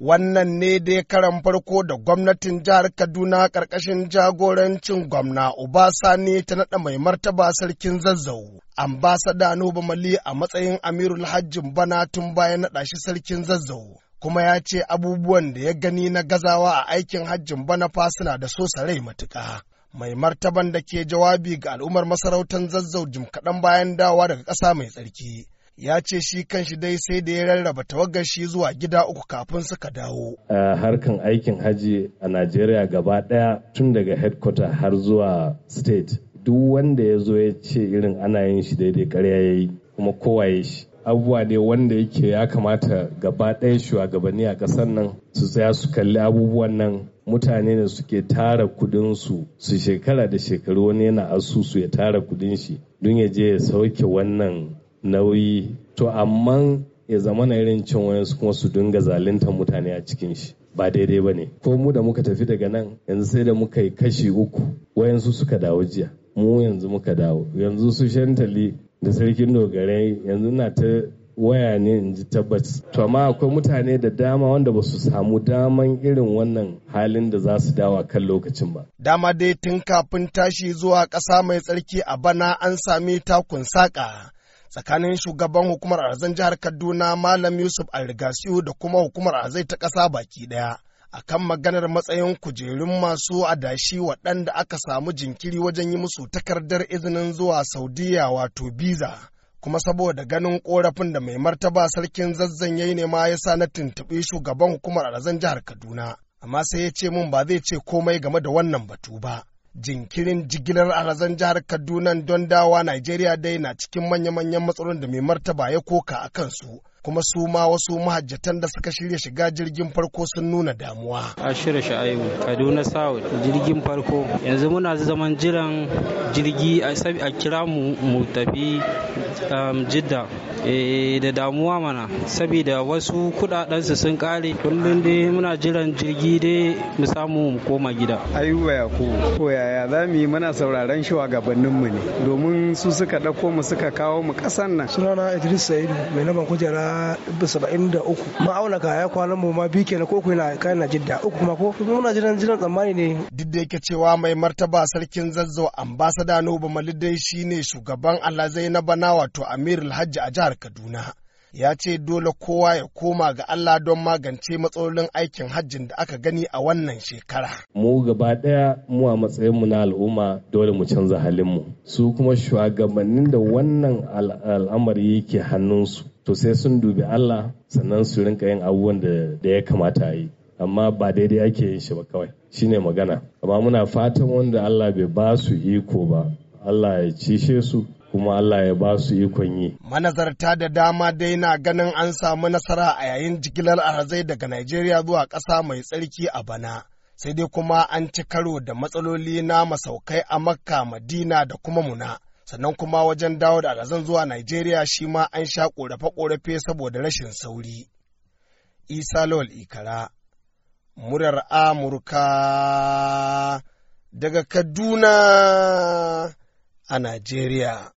Wannan ne dai karan farko da gwamnatin jihar Kaduna ƙarƙashin jagorancin gwamna Sani ta naɗa mai martaba sarkin zazzau. Ambasada Nuba Mali a matsayin Amirul Hajjin bana tun bayan naɗa shi sarkin zazzau. Kuma ya ce abubuwan da ya gani na gazawa a aikin hajjin bana fa suna da so rai matuka, mai martaban da ke jawabi ga al'ummar masarautar zazzau jim kaɗan bayan dawa daga ƙasa mai tsarki ya ce shi kan shi dai sai da ya rarraba tawagar shi zuwa gida uku kafin suka dawo. harkan aikin haji a Najeriya gaba ɗaya tun daga headquarter har zuwa state duk wanda ya zo ya ce irin ana yin shi daidai karya ya yi kuma kowa ya shi. abubuwa ne wanda yake ya kamata gaba ɗaya shugabanni a ƙasar nan su tsaya su kalli abubuwan nan mutane ne suke tara kudinsu su shekara da shekaru wani yana asusu ya tara kudin shi don ya je ya sauke wannan nauyi to amma ya zama na irin cin wayansu kuma su dinga zaluntar mutane a cikin shi ba daidai ba ne ko mu da muka tafi daga nan yanzu sai da muka yi kashi uku wayansu suka dawo jiya mu yanzu muka dawo yanzu su shantali da sarkin dogare yanzu na ta waya ne in ji tabbas to amma akwai mutane da dama wanda ba su samu daman irin wannan halin da za su dawa kan lokacin ba dama dai tun kafin tashi zuwa ƙasa mai tsarki a bana an sami takun saƙa tsakanin shugaban hukumar arzan jihar Kaduna Malam Yusuf Alrigasiyu da kuma hukumar arzai ta ƙasa baki ɗaya. a kan maganar matsayin kujerun masu adashi waɗanda aka samu jinkiri wajen yi musu takardar izinin zuwa saudiya wato biza kuma saboda ganin korafin da mai martaba sarkin zazzan ya nema ma ya sa na tuntuɓi shugaban hukumar alazan jihar kaduna amma sai ya ce min ba zai ce komai game da wannan batu ba jinkirin jigilar razan jihar kaduna don dawa najeriya dai na cikin manya-manyan matsalolin da mai martaba ya koka a kansu kuma su ma wasu mahajjatan da suka shirya shiga jirgin farko sun nuna damuwa. A shirya sha'ayu Kaduna South jirgin farko yanzu muna zaman jiran jirgi a kira mu mu tafi um, Jidda eh, da damuwa mana saboda wasu su sun kare kullum dai muna jiran jirgi dai mu samu mu koma gida. Ayuba ya ko yaya za mu yi muna sauraron mu ne domin su suka dauko mu suka kawo mu ƙasan nan. Sunana Idris Sa'idu mai naman kujera 73 ka ya kwana mu ma bi kenan ko ku na kai na jidda uku kuma ko muna jiran jiran tsammani ne duk da yake cewa mai martaba sarkin zazzau ambasada Nuba Malidai shine shugaban Allah Zainaba na wato Amir Alhaji a jihar Kaduna ya ce dole kowa ya koma ga Allah don magance matsalolin aikin hajjin da aka gani a wannan shekara. Mu gaba ɗaya mu a matsayinmu na al'umma dole mu canza halinmu. Su kuma shugabannin da wannan al'amari yake hannunsu to sai sun dubi Allah sannan su rinka yin abubuwan da ya kamata a yi amma ba daidai ake yin shi ba kawai shine magana amma muna fatan wanda Allah bai ba su iko ba Allah ya cishe su kuma Allah ya ba su ikon yi. Manazarta da dama dai na ganin an samu nasara a yayin jigilar arzai daga Najeriya zuwa ƙasa mai tsarki a bana. Sai dai kuma an ci karo da matsaloli na masaukai a Makka, Madina da kuma Muna. sannan kuma wajen dawo da alhazan zuwa Najeriya shi ma an sha ƙorafe-ƙorafe saboda rashin sauri. Isa Lawal Ikara, murar Amurka daga Kaduna a Najeriya.